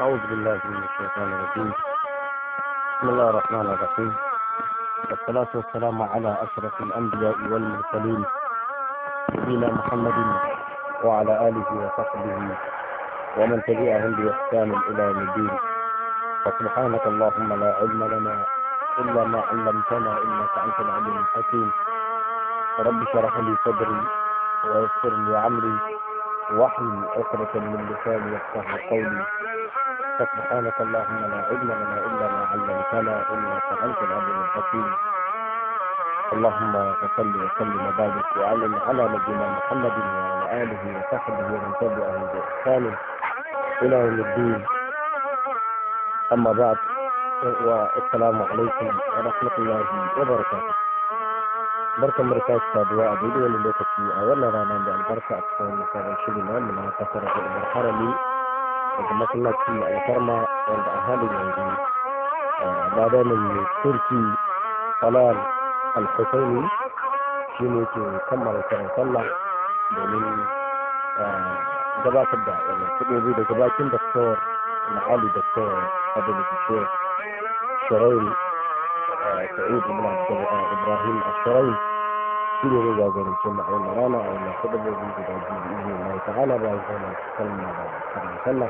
أعوذ بالله من الشيطان الرجيم بسم الله الرحمن الرحيم والصلاة والسلام على أشرف الأنبياء والمرسلين سيدنا محمد وعلى آله وصحبه ومن تبعهم بإحسان إلى يوم الدين فسبحانك اللهم لا علم لنا إلا ما علمتنا إنك أنت العليم الحكيم رب اشرح لي صدري ويسر لي عمري وحي عقدة من لساني يفقه قولي سبحانك اللهم لا علم لنا الا ما علمتنا انك انت العليم الحكيم اللهم صل وسلم وبارك وعلم على نبينا محمد وعلى اله وصحبه ومن تبعهم باحسان الى يوم الدين اما بعد والسلام عليكم ورحمه الله وبركاته barkan mu da saduwa a daidai wani lokaci a wannan rana da albarka a cikin wannan sabon shiri na wannan na fasara da umar harami daga masallaci a alfarma wanda a halin yanzu eh, a mai turki falal alhusaini shi ne ke kammala kiran sallah domin eh, gabatar da wannan kuɗobi da gabatin da na ali da kawai abin da ke shirin سعيد بن عبد ابراهيم الشرعي كل رجع زي الجمعة المرانة أو ما قبل بإذن الله تعالى بعد ذلك سلم الله صلى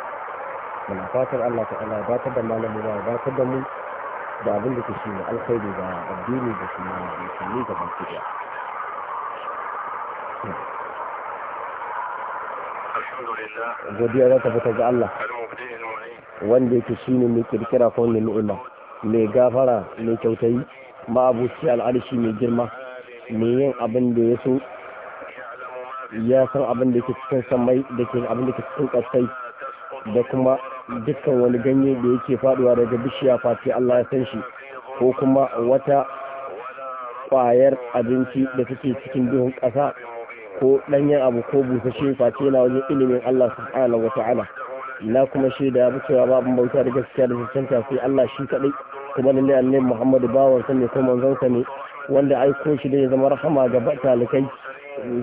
من أفاكر أن الله تعالى بات دمانا مباع بات دمو بعد ذلك الخير إذا بسم الله يسمي كما تجاه الحمد لله جدي أنا تفتح الله المبدئ المعين وان ديك من كده كده فون للعلم mai gafara mai kyautayi ma'abuci al'arshi mai girma mai yin abin da ya so ya san abin da ke cikin samai da ke abin da ke cikin ƙasai da kuma dukkan wani ganye da yake faduwa daga bishiya fati Allah ya san shi ko kuma wata ƙwayar abinci da take cikin duhun ƙasa ko ɗanyen abu ko busasshe Fati yana wajen ilimin Allah subhanahu wa ta'ala na kuma shaida ya cewa babu bauta da gaskiya da cancanta sai Allah shi kaɗai kuma lalle annabi Muhammadu bawan sa ne ko manzon sa ne wanda aiko shi da ya zama rahama ga talikai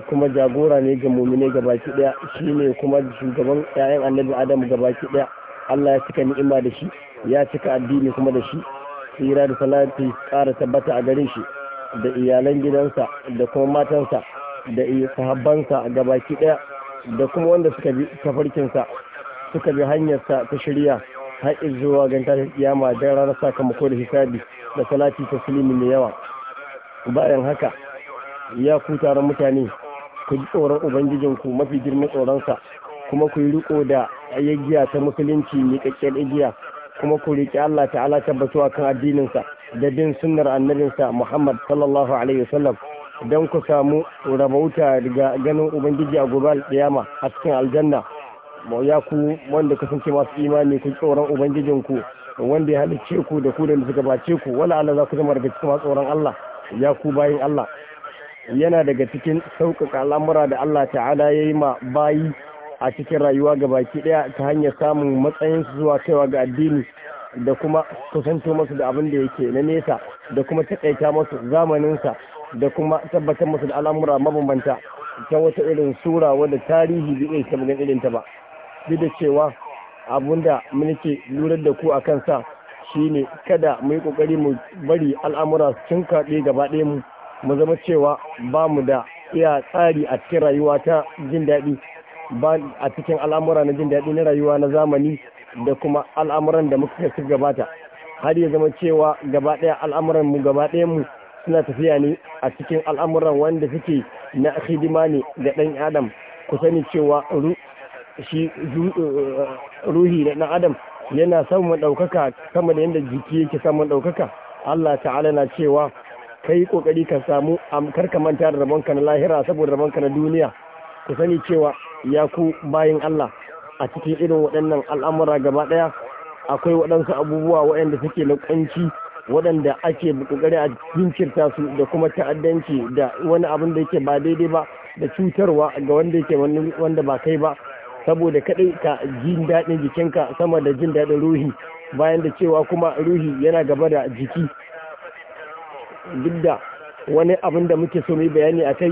kuma jagora ne ga mumine gabaki daya shine kuma shugaban ƴaƴan annabi Adam baki daya Allah ya cika ni'ima da shi ya cika addini kuma da shi tsira da salati ƙara tabbata a gare shi da iyalan gidansa da kuma matansa da sahabbansa baki daya da kuma wanda suka bi tafarkinsa suka bi hanyarsa ta shirya haƙin zuwa gan tashin kiyama da ranar sakamako da hisabi da salati taslimi mai yawa bayan haka ya ku taron mutane ku ji tsoron ubangijinku mafi girman tsoronsa kuma ku yi riko da ayyagiya ta musulunci mai kakkiyar igiya kuma ku riƙe Allah ta'ala tabbatuwa kan addininsa da bin sunnar annabinsa Muhammad sallallahu alaihi wasallam don ku samu rabauta daga ganin ubangiji a guba alƙiyama a cikin aljanna ya ku wanda kasance masu imani ku tsoron ku wanda ya halicce ku da ku da suka gabace ku wala Allah za ku zama daga cikin tsoron Allah ya ku bayin Allah yana daga cikin sauƙaƙa al'amura da Allah ta'ala ya yi ma bayi a cikin rayuwa ga baki ɗaya ta hanyar samun matsayinsu zuwa kaiwa ga addini da kuma kusanto masu da abin da yake na nesa da kuma taƙaita masu zamaninsa da kuma tabbatar masu da al'amura mabambanta ta wata irin sura wadda tarihi bai iya ta irin ta ba duk da cewa abun da muke lura da ku a kansa shine kada mu yi kokari mu bari al'amura sun kaɗe gaba ɗaya mu mu zama cewa ba mu da iya tsari a cikin rayuwa ta jin daɗi ba a cikin al'amura na jin daɗi na rayuwa na zamani da kuma al'amuran da muka su gabata har ya zama cewa gaba ɗaya al'amuran mu gaba ɗaya mu suna tafiya ne a cikin al'amuran wanda suke na hidima ne ga ɗan adam ku sani cewa shi eh, ruhi na ɗan adam yana samun ɗaukaka sama da yadda jiki yake samun ɗaukaka Allah ta'ala na cewa kai ƙoƙari ka samu amkar ka manta da rabonka na lahira saboda rabonka na duniya ku sani cewa ya ku bayin Allah a cikin irin waɗannan al'amura gaba ɗaya akwai waɗansu abubuwa waɗanda suke na waɗanda ake kokari a jinkirta su da kuma ta'addanci da wani abin da yake ba daidai ba da cutarwa ga wanda yake wanda ba kai ba saboda kaɗai ka jin daɗin jikinka sama da jin daɗin ruhi bayan da cewa kuma ruhi yana gaba da jiki duk da wani abin da muke so mai bayani a kai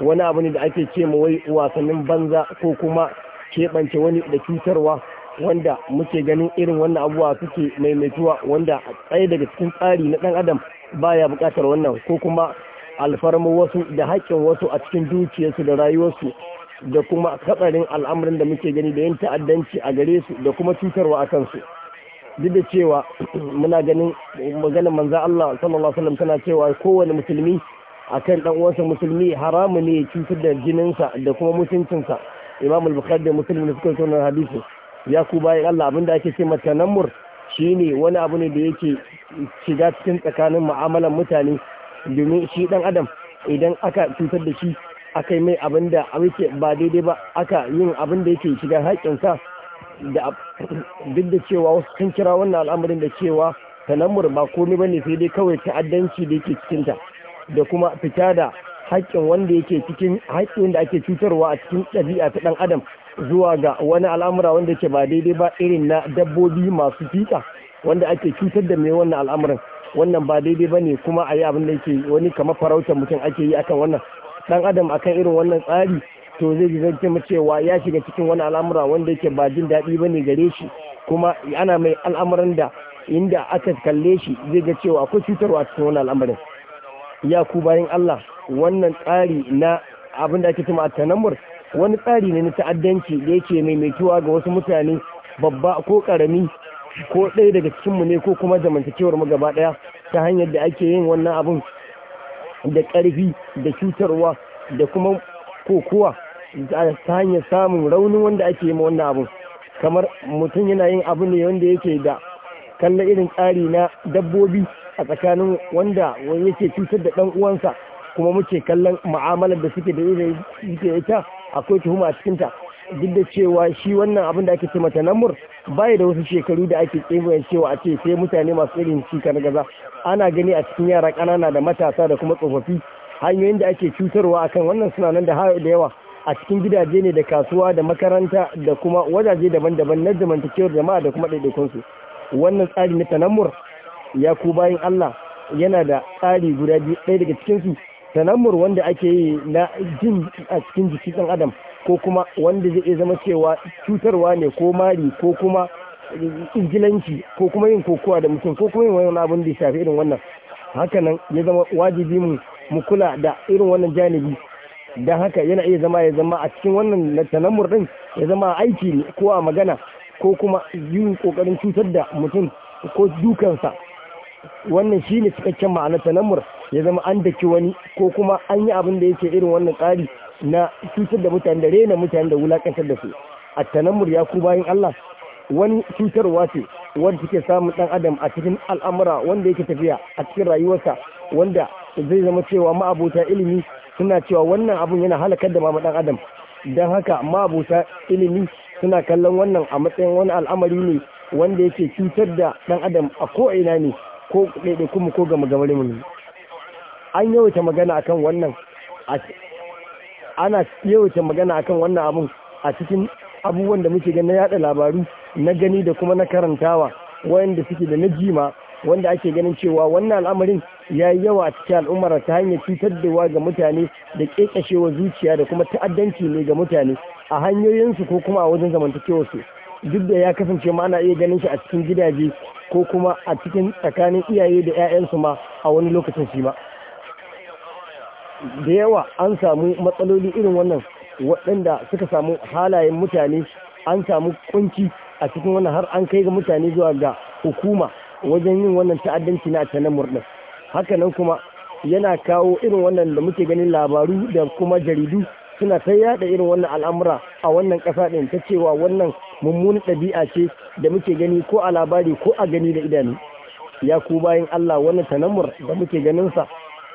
wani abu ne da ake ce wai wasannin banza ko kuma keɓance wani da cutarwa wanda muke ganin irin wannan abubuwa suke maimaituwa wanda tsaye daga cikin tsari na ɗan adam baya buƙatar wannan ko kuma alfarmar wasu da haƙƙin wasu a cikin dukiyarsu da rayuwarsu da kuma hatsarin al'amarin da muke gani da yin ta'addanci a gare su da kuma cutarwa a kansu duk da cewa muna ganin maganar manzo Allah sallallahu alaihi wasallam tana cewa kowane musulmi akan dan uwansa musulmi haramu ne ya cutar da jininsa da kuma mutuncinsa Imam al-Bukhari da Muslim ne suka tona hadisi ya ku bayan Allah abinda ake ce matanammur shine wani abu ne da yake shiga cikin tsakanin mu'amalan mutane domin shi dan adam idan aka cutar da shi aka yi mai abin da ke ba daidai ba aka yin abin da yake shiga haƙƙinsa da duk da cewa wasu sun kira wannan al'amarin da cewa tanamur ba komai bane sai dai kawai ta'addanci da yake cikinta da kuma fita da haƙƙin wanda yake cikin haƙƙin da ake cutarwa a cikin ɗabi'a ta ɗan adam zuwa ga wani al'amura wanda ke ba daidai ba irin na dabbobi masu fika wanda ake cutar da mai wannan al'amarin wannan ba daidai ba ne kuma a yi abin da yake wani kamar farautar mutum ake yi akan wannan dan adam akan irin wannan tsari to zai ji zai cewa ya shiga cikin wani al'amura wanda yake ba jin daɗi bane gare shi kuma ana mai al'amuran da inda aka kalle shi zai ga cewa akwai cutarwa a cikin wani al'amarin ya ku bayan Allah wannan tsari na abin da ake cewa tanamur wani tsari ne na ta'addanci da yake mai maimaituwa ga wasu mutane babba ko karami ko ɗaya daga cikinmu ne ko kuma zamantakewar mu gaba ɗaya ta hanyar da ake yin wannan abin da ƙarfi da cutarwa da kuma kokuwa ta hanyar samun raunin wanda ake yi ma wannan abu kamar mutum yana yin abu ne wanda yake da kalla irin tsari na dabbobi a tsakanin wanda wani yake cutar da ɗan uwansa kuma muke kallon mu'amalar da suke da ita akwai tuhuma a cikinta duk da cewa shi wannan abin da ake ce mata namur bai da wasu shekaru da ake tsibiyar cewa a ce sai mutane masu irin shi kan gaza ana gani a cikin yara kanana da matasa da kuma tsofaffi hanyoyin da ake cutarwa akan wannan suna nan da da yawa a cikin gidaje ne da kasuwa da makaranta da kuma wajaje daban-daban na zamantakewar jama'a da kuma ɗaiɗaikunsu wannan tsari na tanammur ya ku bayan Allah yana da tsari guda biyu ɗaya daga cikinsu tanammur wanda ake yi na jin a cikin jiki ɗan adam ko kuma wanda zai iya zama cewa cutarwa ne ko mari ko kuma ingilanci ko kuma yin kokowa da mutum ko kuma yin wani abin da ya shafi irin wannan hakanan ya zama wajibi mu kula da irin wannan janibi dan haka yana iya zama ya zama a cikin wannan tanamur din ya zama aiki ne ko a magana ko kuma yin kokarin cutar da mutum ko dukansa wannan shine cikakken ma'anar tanamur ya zama an daki wani ko kuma an yi abin da yake irin wannan tsari na cutar da mutane da rena mutane da wulakantar da su a tanan ya ku bayan Allah wani cutarwa ce wanda take samun ɗan adam a cikin al'amura wanda yake tafiya a cikin rayuwarsa wanda zai zama cewa ma'abuta ilimi suna cewa wannan abun yana halakar da ma dan adam don haka ma'abuta ilimi suna kallon wannan a matsayin wani al'amari ne wanda yake cutar da dan adam a ko ina ne ko ɗaiɗaikunmu ko gama gamarin mu. an yawaita magana akan wannan ana yawace magana akan wannan abun a cikin abubuwan da muke gani na yada labaru na gani da kuma na karantawa wanda suke da na jima wanda ake ganin cewa wannan al'amarin ya yi yawa a cikin al'ummar ta hanyar cutarwa ga mutane da kekashewa zuciya da kuma ta'addanci ne ga mutane a hanyoyinsu ko kuma a wajen zamantakewarsu duk da ya kasance ma ana iya ganin shi a cikin gidaje ko kuma a cikin tsakanin iyaye da 'ya'yansu ma a wani lokacin shi ma. da yawa an samu matsaloli irin wannan waɗanda suka samu halayen mutane an samu kunci a cikin wannan har an kai ga mutane zuwa ga hukuma wajen yin wannan ta'addanci na canan murɗin hakanan kuma yana kawo irin wannan da muke ganin labaru da kuma jaridu suna ta yada irin wannan al'amura a wannan ƙasa ɗin ta cewa wannan mummunan ɗabi'a ce da muke gani ko a labari ko a gani da idanu ya ku bayan Allah wannan tanamur da muke ganin sa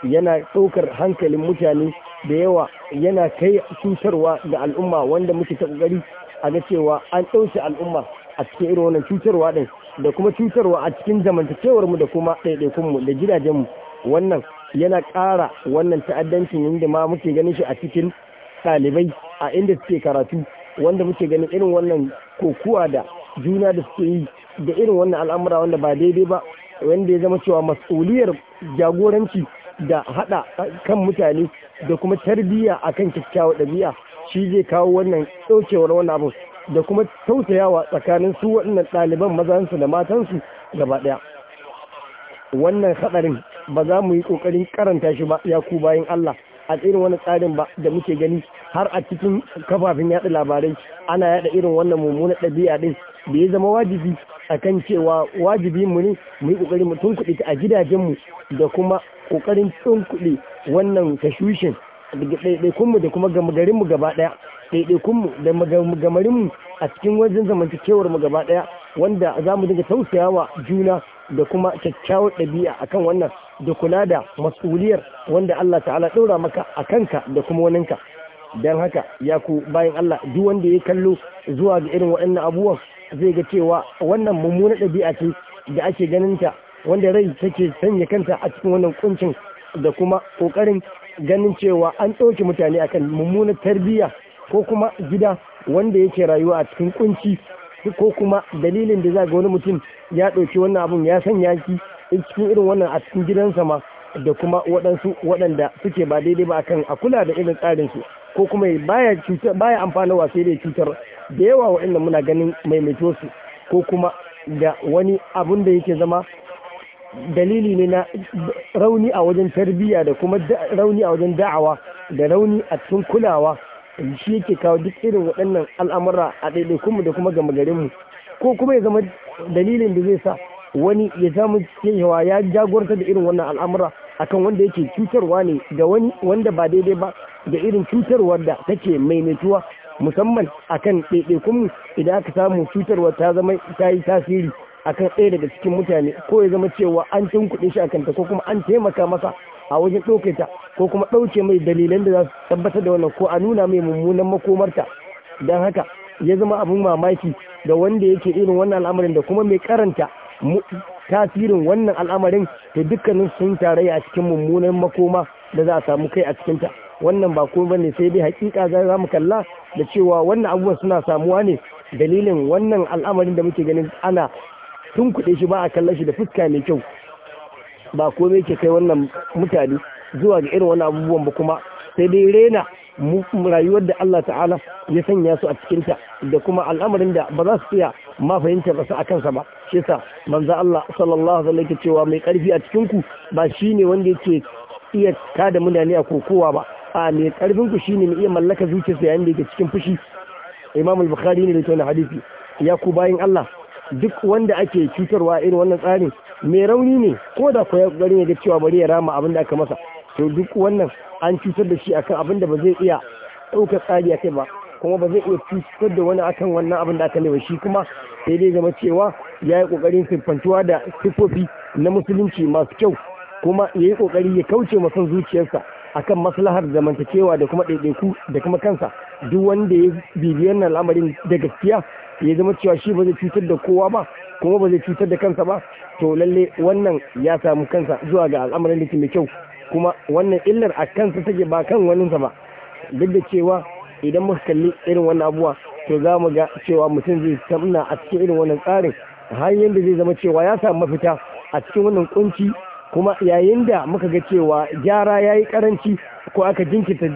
yana ɗaukar hankalin mutane da yawa yana kai cutarwa ga al'umma wanda muke ta ƙoƙari a ga cewa an ɗauke al'umma a cikin irin wannan cutarwa ɗin da kuma cutarwa a cikin zamantakewar mu da kuma ɗaiɗaikunmu da gidajenmu wannan yana ƙara wannan ta'addancin inda ma muke ganin shi a cikin ɗalibai a inda suke karatu wanda muke ganin irin wannan kokuwa da juna da suke yi da irin wannan al'amura wanda ba daidai ba wanda ya zama cewa mas'uliyar jagoranci da haɗa kan mutane da kuma tarbiyya akan kyakkyawa ɗabi'a shi zai kawo wannan ɗaukewar wannan abu da kuma tausayawa tsakanin su waɗannan ɗaliban mazansu da matansu gaba ɗaya wannan haɗarin ba za mu yi ƙoƙarin karanta shi ba ya ku bayan Allah a irin wani tsarin ba da muke gani har a cikin kafafen yaɗa labarai ana yaɗa irin wannan mummunan ɗabi'a ɗin da ya zama wajibi akan cewa wajibi mu ne mu yi ƙoƙari mu tunkuɗe ta a gidajenmu da kuma kokarin cin kuɗi wannan tashushin kunmu da kuma mu gaba ɗaya kunmu da mu a cikin wajen zamantakewar mu gaba ɗaya wanda za mu dinga tausayawa juna da kuma kyakkyawar ɗabi'a akan wannan da kula da masuliyar wanda Allah ta'ala ɗora maka a kanka da kuma waninka don haka ya ku bayan Allah duk wanda ya kallo zuwa ga irin waɗannan abubuwan zai ga cewa wannan mummuna ɗabi'a ce da ake ganin ta wanda rai take sanya kanta a cikin wannan kuncin da kuma kokarin ganin cewa an ɗauke mutane akan mummunan tarbiyya ko kuma gida wanda yake rayuwa a cikin kunci ko kuma dalilin da za ga wani mutum ya ɗauki wannan abun ya sanya ki cikin irin wannan a cikin gidansa ma da kuma waɗansu waɗanda suke ba daidai ba akan a kula da irin tsarin su ko kuma baya cutar baya wa sai dai cutar da yawa waɗanda muna ganin maimaito su ko kuma da wani abun da yake zama dalili ne na rauni a wajen tarbiyya da kuma rauni a wajen da'awa da rauni a cikin kulawa shi yake kawo duk irin waɗannan al'amura a ɗaiɗaikunmu da kuma gama garinmu ko kuma ya zama dalilin da zai sa wani ya samu cewa ya jagorta da irin wannan al'amura akan wanda yake cutarwa ne da wani wanda ba daidai ba da irin cutarwar da take maimaituwa musamman akan ɗaiɗaikunmu idan aka samu cutarwa ta zama ta yi tasiri akan ɗaya daga cikin mutane ko ya zama cewa an cin kuɗin shi kanta ko kuma an taimaka masa a wajen ɗauke ta ko kuma ɗauke mai dalilan da za su tabbatar da wannan ko a nuna mai mummunan makomarta don haka ya zama abin mamaki da wanda yake irin wannan al'amarin da kuma mai karanta tasirin wannan al'amarin da dukkanin sun tarayya a cikin mummunan makoma da za a samu kai a cikinta wannan ba kuma bane sai dai hakika za mu kalla da cewa wannan abubuwa suna samuwa ne dalilin wannan al'amarin da muke ganin ana tun kuɗe shi ba a kallon shi da fuska mai kyau ba komai ke kai wannan mutane zuwa ga irin wani abubuwan ba kuma sai dai rena rayuwar da Allah ta'ala ya sanya su a cikinta da kuma al'amarin da ba za su iya ma fahimtar ba su a kansa ba shi yasa manzo Allah sallallahu alaihi wasallam cewa mai karfi a cikin ku ba shine wanda yake iya kada mutane a kokowa ba a mai karfin ku shine mai iya mallaka zuciyarsa yayin da yake cikin fushi Imam al-Bukhari ne da wannan hadisi ya ku bayin Allah duk wanda ake cutarwa irin wannan tsarin mai rauni ne ko da ko ya ne ga cewa bari ya rama abin da aka masa to duk wannan an cutar da shi akan abin da ba zai iya ɗaukar tsari akai ba kuma ba zai iya cutar da wani akan wannan abin da aka nema. shi kuma sai dai zama cewa ya yi ƙoƙarin siffantuwa da siffofi na musulunci masu kyau kuma ya yi ƙoƙari ya kauce masan zuciyarsa akan maslahar zamantakewa da kuma ɗaiɗaiku da kuma kansa duk wanda ya bibiyar na al'amarin da gaskiya ya zama cewa shi ba zai cutar da kowa ba kuma ba zai cutar da kansa ba to lalle wannan ya samu kansa zuwa ga al'amarin da mai kyau kuma wannan illar a kansa take ba kan waninsa ba duk da cewa idan muka kalli irin wannan abuwa to za mu ga cewa mutum zai samna a cikin irin wannan tsarin har yadda zai zama cewa ya samu mafita a cikin wannan kunci kuma yayin da muka ga cewa gyara ya yi karanci ko aka jinkirta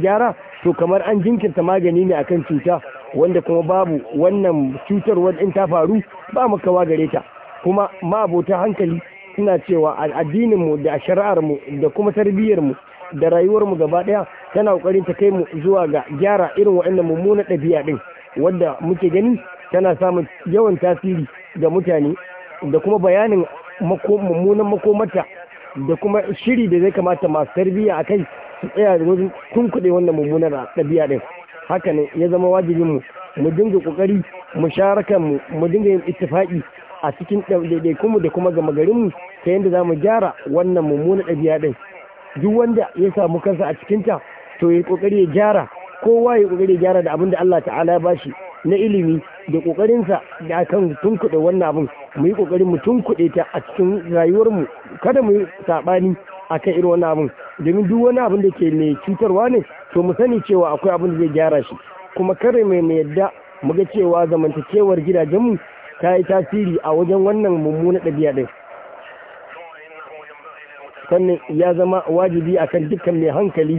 gyara to kamar an jinkirta magani ne akan cuta wanda kuma babu wannan cutarwar in ta faru ba kawa gare ta kuma ma'abota hankali suna cewa addinin mu da shari'ar mu da kuma tarbiyyar da rayuwarmu mu gaba daya tana kokarin ta kai mu zuwa ga gyara irin waɗannan mummuna ɗabi'a din wanda muke gani tana samun yawan tasiri ga mutane da kuma bayanin mummunan makomata da kuma shiri da zai kamata masu tarbiyya a kai su tsaya da wajen kunkuɗe wannan mummunar ɗabi'a din haka ne ya zama wajibin mu mu dinga kokari mu sharakan mu mu dinga yin ittifaqi a cikin daidaikun mu da kuma gama garin mu ta yanda za mu gyara wannan mummuna ɗabi'a din duk wanda ya samu kansa a cikin ta to ya kokari ya gyara kowa ya kokari ya gyara da abin da Allah ta'ala ya bashi na ilimi da sa da kan tunkuɗe wannan abin mu yi kokarin mu tunkuɗe ta a cikin rayuwar mu kada mu yi sabani akan irin wannan abin domin duk wani abin da ke mai cutarwa ne to mu sani cewa akwai abin da zai gyara shi kuma kare mai mai yadda mu ga cewa zamantakewar gidajenmu ta yi tasiri a wajen wannan mummuna ɗabi'a ɗin sannan ya zama wajibi akan dukkan mai hankali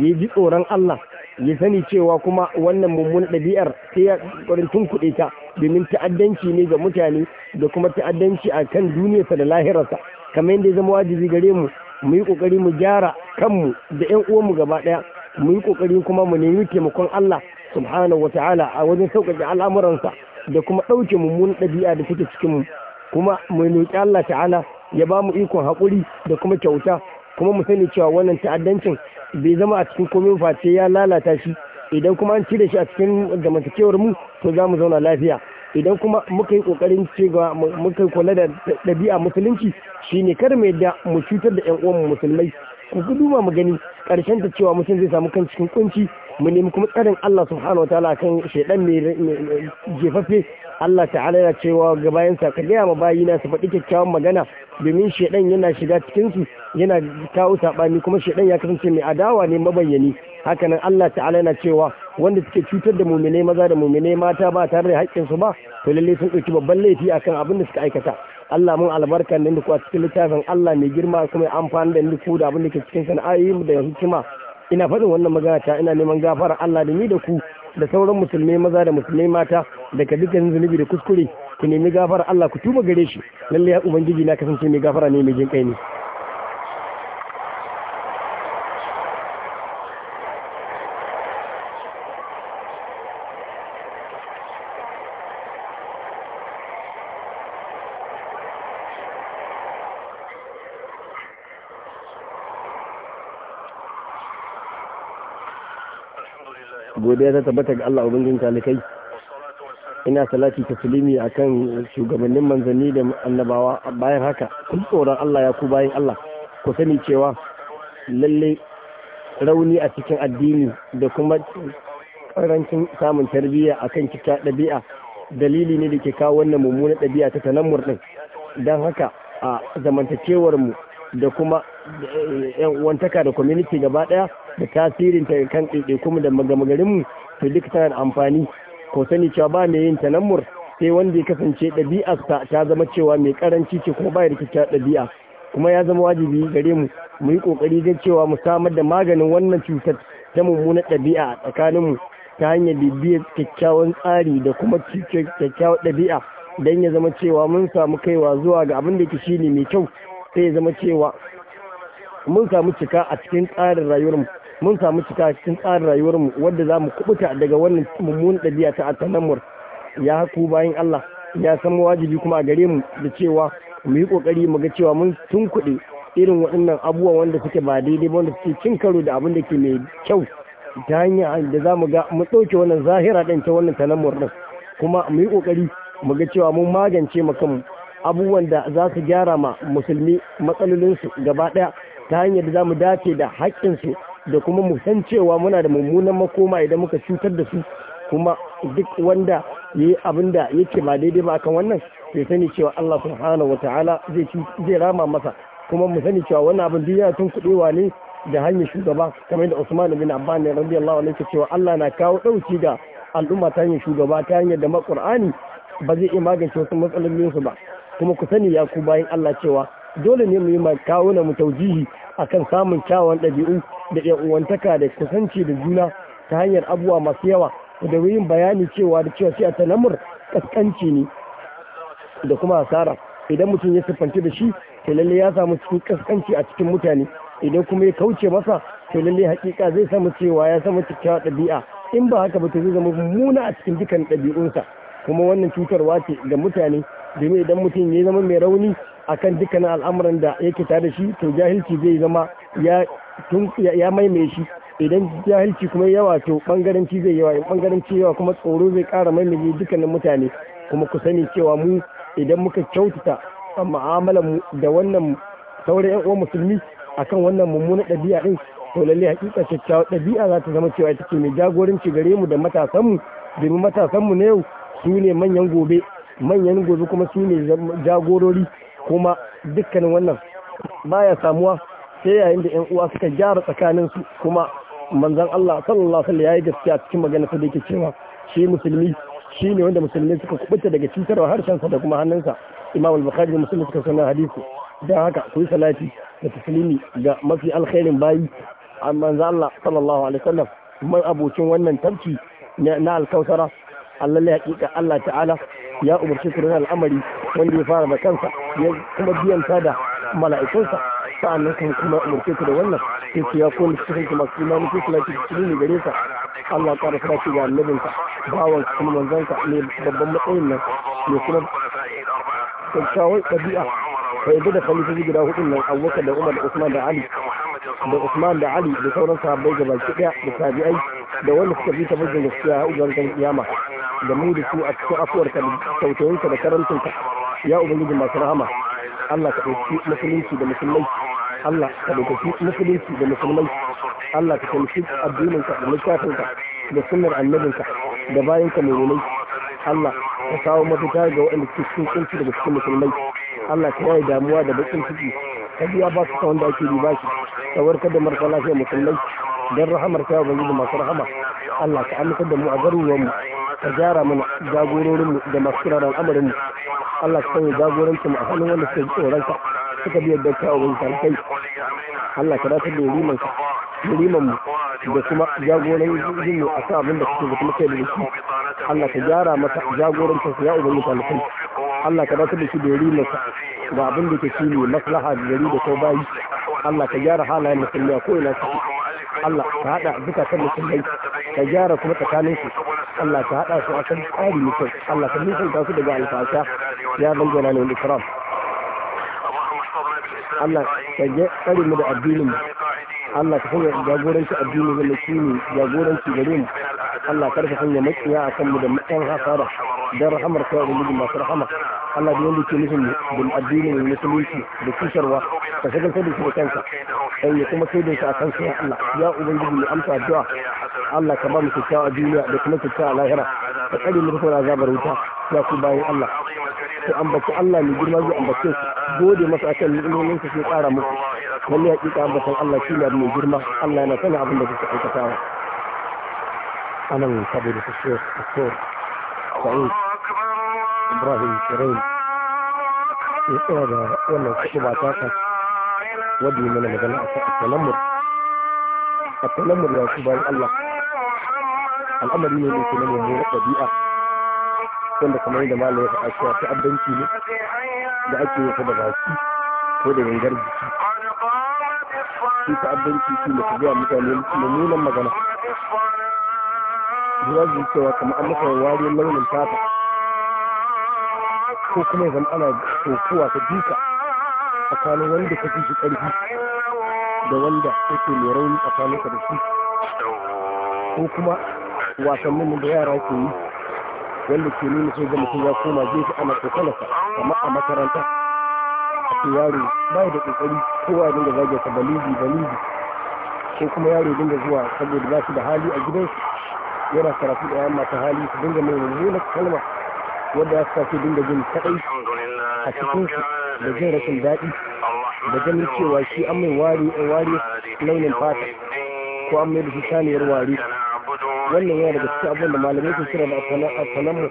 ya ji tsoron Allah ya sani cewa kuma wannan mummuna ɗabi'ar sai ya tun tunkuɗe ta domin ta'addanci ne ga mutane da kuma ta'addanci a kan duniyarsa da lahirarsa kamar yadda ya zama wajibi gare mu mu yi ƙoƙari mu gyara kanmu da 'yan uwanmu gaba ɗaya mu yi kokari kuma mu nemi taimakon Allah subhanahu wata'ala a wajen sauƙaƙe al'amuransa da kuma ɗauke mummunan ɗabi'a da take cikin mu kuma mu roƙi Allah ta'ala ya ba mu ikon haƙuri da kuma kyauta kuma mu sani cewa wannan ta'addancin bai zama a cikin komai mu face ya lalata shi idan kuma an cire shi a cikin zamantakewar mu to za mu zauna lafiya idan kuma muka yi kokarin cewa muka kula da ɗabi'a musulunci shine kar mu yadda mu cutar da 'yan uwan musulmai ku duba mu gani karshen ta cewa mutum zai samu kan cikin kunci mu nemi kuma tsarin Allah subhanahu wataala kan shaidan mai jefaffe Allah ta'ala yana cewa ga bayan sa ka gaya ma bayina su faɗi kyakkyawan magana domin shaidan yana shiga cikin su yana kawo saɓani kuma shaidan ya kasance mai adawa ne mabayyani hakanan Allah ta'ala yana cewa wanda suke cutar da muminai maza da muminai mata ba tare da su ba to lallai sun ɗauki babban laifi akan abin da suka aikata Allah mun albarka da ku a cikin littafin Allah mai girma kuma ya amfani da ku da abin da ke cikin sana'a yi mu da hikima ina faɗin wannan magana ta ina neman gafara Allah da ni da ku da sauran musulmai maza da musulmai mata daga dukkan zunubi da kuskure ku nemi gafara Allah ku tuba gare shi lalle ya ubangiji na kasance mai gafara ne mai jin kai ne godiya ta tabbata ga Allah ubangin talikai ina salati taslimi akan shugabannin manzanni da annabawa bayan haka kun tsoron Allah ya ku bayan Allah ku sani cewa lalle rauni a cikin addini da kuma karancin samun tarbiyya akan cika ɗabi'a dalili ne da ke kawo wannan mummunan ɗabi'a ta tanammur ɗin don haka a zamantakewar mu da kuma eh, yan uwantaka da community gaba ɗaya da tasirin ta kan kuma da magamagarinmu to duk tana da amfani ko sani cewa ba mai yin tanammur sai wanda ya kasance ɗabi'arsa ta zama cewa mai karanci ce kuma ba ya kyakkyawar ɗabi'a kuma ya zama wajibi gare mu mu yi kokari ga cewa mu samar da maganin wannan cutar ta mummunar ɗabi'a a tsakaninmu ta hanyar bibiyar kyakkyawan tsari da kuma kyakkyawar ɗabi'a don ya zama cewa mun samu kaiwa zuwa ga abin da shi shine mai kyau sai ya zama cewa mun samu cika a cikin tsarin rayuwarmu mun samu cika cikin tsarin rayuwarmu wadda za mu kubuta daga wannan mummunan ɗabi'a ta atanamur ya haku bayan Allah ya san wajibi kuma a gare mu da cewa mu yi kokari mu ga cewa mun tunkuɗe irin waɗannan abubuwa wanda suke ba daidai ba wanda suke cin karo da abin da ke mai kyau ta hanya da za mu ga mu ɗauke wannan zahira ɗin ta wannan tanamur ɗin kuma mu yi kokari mu ga cewa mun magance mu kanmu abubuwan da za su gyara ma musulmi matsalolinsu gaba ɗaya ta hanyar da za mu dace da haƙƙinsu da kuma mu san cewa muna da mummunan makoma idan muka cutar da su kuma duk wanda yayi abin da yake ba daidai ba akan wannan sai sani cewa Allah subhanahu wataala zai zai rama masa kuma mu sani cewa wannan abin duk yana tun kuɗewa ne da hanyar shugaba kamar da Usman bin Affan ne radiyallahu anhu cewa Allah na kawo dauki ga al'umma ta hanyar shugaba ta hanyar da makur'ani ba zai iya magance wasu matsalolinsu ba kuma ku sani ya ku bayan Allah cewa dole ne mu yi ma kawuna mu taujihi akan samun kyawun ɗabi'u da ƴan uwantaka da kusanci da juna ta hanyar abubuwa masu yawa da yin bayani cewa da cewa sai a tanamur kaskanci ne da kuma asara idan mutum ya siffanci da shi to lalle ya samu cikin kaskanci a cikin mutane idan kuma ya kauce masa to lalle hakika zai samu cewa ya samu kyakkyawar ɗabi'a in ba haka ba to zai zama mummuna a cikin dukkan ɗabi'unsa kuma wannan cutarwa ce ga mutane domin idan mutum ya zama mai rauni akan dukkanin al'amuran da yake tare da shi to jahilci zai zama ya maimai shi idan jahilci kuma yawa to bangaranci zai yawa in bangaranci yawa kuma tsoro zai kara maimaye dukkanin mutane kuma ku sani cewa mu idan muka kyautata mu'amalar mu da wannan sauran yan uwan musulmi akan wannan mummunan ɗabi'a din to lalle hakika kyakkyawar ɗabi'a za ta zama cewa ita ce mai jagoranci gare mu da matasan mu matasan mu na yau su ne manyan gobe manyan gobe kuma su ne jagorori kuma dukkanin wannan baya samuwa sai yayin da 'yan uwa suka gyara su kuma manzan Allah sallallahu alaihi ya yi gaskiya cikin magana da yake cewa shi musulmi shi ne wanda musulmi suka kubuta daga cutarwa harshensa da kuma hannunsa imam al-bukhari da musulmi suka sanar hadisi don haka ku yi salati da taslimi ga mafi alkhairin bayi a manzan Allah sallallahu alaihi wasallam man abokin wannan tafki na alkautara Allah ya hakika Allah ta'ala ya umarci ku al'amari wanda ya fara da kansa ya kuma biyanta da mala'ikunsa sa'annan kuma kuma umurce ku da wannan sai ce ya kuma cikin kuma kuma mutum kula ki cikin ne gare ka Allah ya ƙara fara ga annabinka bawan kuma manzanka ne babban matsayin nan ne kuma kyakkyawan ɗabi'a ka yadda da khalifofi gida hudun nan abubakar da umar da usman da ali da usman da ali da sauran sahabbai gaba ki ɗaya da tabi'ai da wanda suka bi ta bugun gaskiya a ujar kan kiyama da mu da su a cikin afuwarka da tautayinka da karantinka ya ubangiji masu rahama Allah ka ɗauki musulunci da musulmai Allah ka ɗauki musulunci da musulmai Allah ka taimaki addininka da littafinka da sunnar annabinka da bayan bayanka mai Allah ka kawo mafita ga waɗanda suke cikin kunci daga cikin musulmai Allah ka yaye damuwa da bakin ciki ka biya ba su ta wanda ake yi ba shi ka warkar da marasa lafiya musulmai don rahamar ta ubangiji masu rahama Allah ka amince da mu a garuruwanmu ka gyara mana mu da masu turaren mu. Allah ka sanya jagorancin a hannun wanda suka ji tsoronka suka biyar da kyawun kai Allah ka dace da rimanka mu da kuma jagorancin mu a kan abin da suke zata muke da shi Allah ka gyara mata jagorancin su ya ubangi talakai Allah ka dace da shi da rimanka ga abin da ke shi ne maslaha da gari da ko bayi Allah ka gyara halayen musulmi a ko'ina su Allah ka haɗa duka kan musulmai ka gyara kuma tsakaninsu. الله تعالى سأكون عالي مثل الله كمي سنتا سيدة قال فاسا يا ذن جلال والإكرام الله تجي قلي مدى الدين الله تكون جابورا سأدين ومسين جابورا سيدين الله كرف حين يمك يا أكم مدى مكان خاصارة دار حمر كوابا مدى ما سر حمر الله بيون دي تنزل بن الدين والمسلمين بكشر و فشكل فدي سبكانسا أي يكون سيدين سأكانسا يا الله يا أبن جبني أمسا الدعاء الله كبار مكتاب الدنيا بكلمة الساعه الله هنا الحلي اللي بكون عذاب الروتا لا كباي الله أم بس الله من جل مزج أم بس بودي مسألة اللي إنه من كسر قارم هل والله كتاب أم بس الله كيل أبن جرما الله أنا سمع أبن بس كتاب كتاب أنا من كبير الشيخ الصور سعيد إبراهيم الكريم إيه هذا إيه اللي كتب عتاقة ودي من المدلع التنمر التنمر يا شباب الله al'amari ne mai ke na mummunar ɗabi'a wanda kamar yadda malam ya faɗa cewa ta'addanci ne da ake yi ta da baki ko da gangar jiki shi ta'addanci shi ne ka mutane mummunan magana zuwa cewa kamar an masa wariyar launin fata ko kuma ya zama ana kokowa ta duka tsakanin wanda ka fi shi ƙarfi da wanda yake mai rauni tsakaninka da shi ko kuma wasannin da yara ke yi wanda ke nuna sai ga ya koma gefe ana kokalarsa kama a makaranta a ce yaro ba da kokari kowa dinga zage sa balidi balidi ko kuma yaro dinga zuwa saboda ba su da hali a gidansu yana karatu da yan masu hali su dinga mai mummunar kalma Wanda ya sa su dinga jin kaɗai a cikin su da jin rashin daɗi da ganin cewa shi an mai wari launin fata ko an mai da shi saniyar wari wannan yana daga cikin abin da malamai ke kira da afanamu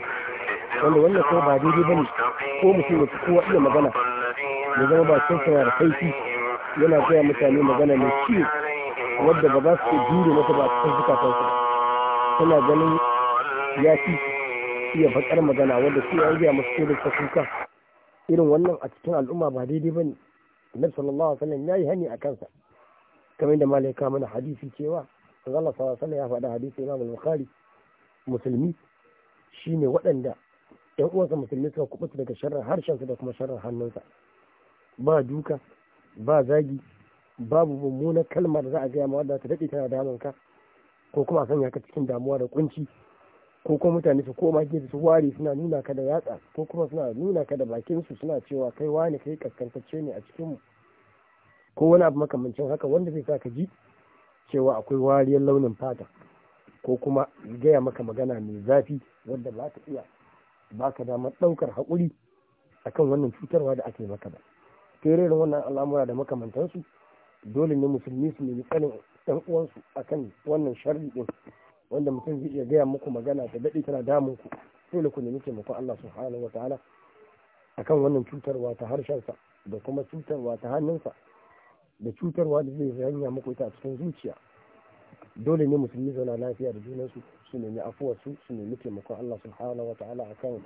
wanda wannan kuma ba daidai ba ne ko mutum ya fi kowa iya magana ya zama ba cin sana da kaifi yana gaya mutane magana mai ciwo wadda ba za su ke jure mata ba a cikin zukatansu tana ganin ya fi iya bakar magana wadda su an gaya masu kodin ta kuka irin wannan a cikin al'umma ba daidai ba ne annabi sallallahu alaihi wasallam ya hani a kansa kamar da malaika mana hadisi cewa Allah sallallahu alaihi ya faɗa hadisi Imam al-Bukhari musulmi shine waɗanda ɗan uwansa musulmi suka kubuta daga harshen harshensa da kuma sharrin hannunsa ba duka ba zagi babu mummunar kalmar da za a gaya ma wadda ta daɗe tana damun ka ko kuma a sanya ka cikin damuwa da kunci ko kuma mutane su koma gefe su ware suna nuna ka da yatsa ko kuma suna nuna ka da bakin su suna cewa kai wani kai kaskantacce ne a cikin mu ko wani abu makamancin haka wanda zai sa ka ji cewa akwai wariyar launin fata ko kuma gaya maka magana mai zafi wadda ba ta iya baka damar ɗaukar haƙuri akan wannan cutarwa da ake maka ba ta wannan al'amura da makamantansu dole ne musulmi su nemi tsanin ɗan uwansu akan wannan sharri ɗin wanda mutum zai iya gaya muku magana ta daɗe tana damun ku dole ku nemi taimakon Allah subhanahu wa ta'ala akan wannan cutarwa ta harshensa da kuma cutarwa ta hannunsa da cutarwa da zai hanya muku ita a cikin zuciya dole ne musulmi zauna lafiya da junan su nemi afuwarsu su nemi taimakon Allah subhanahu wa akan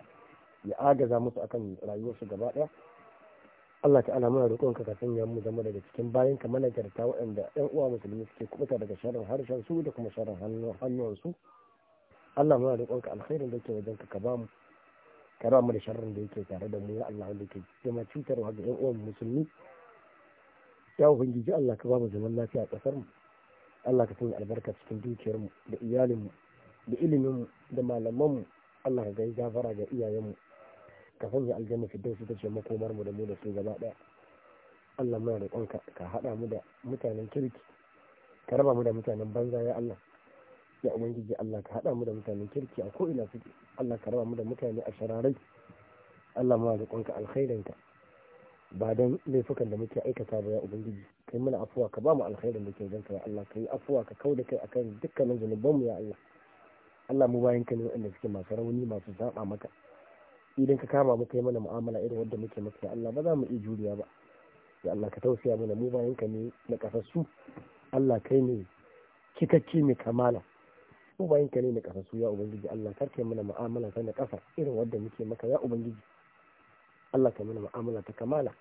ya agaza musu akan rayuwarsu gaba daya Allah ta'ala muna roƙon ka sanya mu zama daga cikin bayan ka managarta waɗanda ƴan uwa musulmi suke kubuta daga sharrin harshen su da kuma sharrin hannuwan su Allah muna roƙon ka alkhairin da yake wajen ka ka ba mu ka ba mu da sharrin da yake tare da mu ya Allah wanda yake zama cutarwa ga ƴan uwan musulmi ya ubangiji Allah ka ba mu zaman lafiya a ƙasar mu Allah ka sanya albarka cikin dukiyar mu da iyalin mu da ilimin mu da malaman mu Allah ka gai gafara ga iyayen mu ka sanya aljanna dausu ta ce makomar mu da mu da su gaba daya Allah muna roƙonka ka haɗa mu da mutanen kirki ka raba mu da mutanen banza ya Allah ya ubangiji Allah ka haɗa mu da mutanen kirki a ko ina suke Allah ka raba mu da mutane a shararai Allah da roƙonka alkhairanka. ba don laifukan da muke aikata ba ya ubangiji kai mana afuwa ka ba mu alkhairin da ke zan ya Allah kai afuwa ka kau da kai akan dukkanin zunuban mu ya Allah Allah mu bayan ka ne wanda suke masu rauni masu zaba maka idan ka kama mu kai mana mu'amala irin wanda muke maka ya Allah ba za mu iya juriya ba ya Allah ka tausaya mana mu bayan ka ne na kasassu Allah kai ne cikakke mai kamala mu bayan ka ne na kasassu ya ubangiji Allah karke mana mu'amala ta na kafa irin wanda muke maka ya ubangiji Allah ka mana mu'amala ta kamala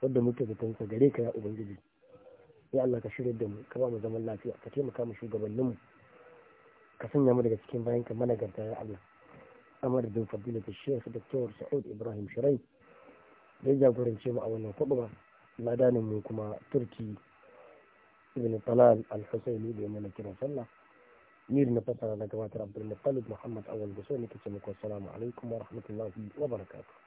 wadda muke zaton sa gare ka ya ubangiji ya Allah ka shirya da mu ka ba mu zaman lafiya ka taimaka mu shugabanninmu ka sanya mu daga cikin bayan ka garta ya Allah amar da fadilatu Sheikh Dr. Sa'ud Ibrahim Shirai da ya jagorance mu a wannan kuɗuba ladanin mu kuma Turki Ibn Talal Al-Husaini da ya mana kiran sallah na مير نفسنا da رب المطلب محمد أول muku assalamu alaikum wa rahmatullahi wa وبركاته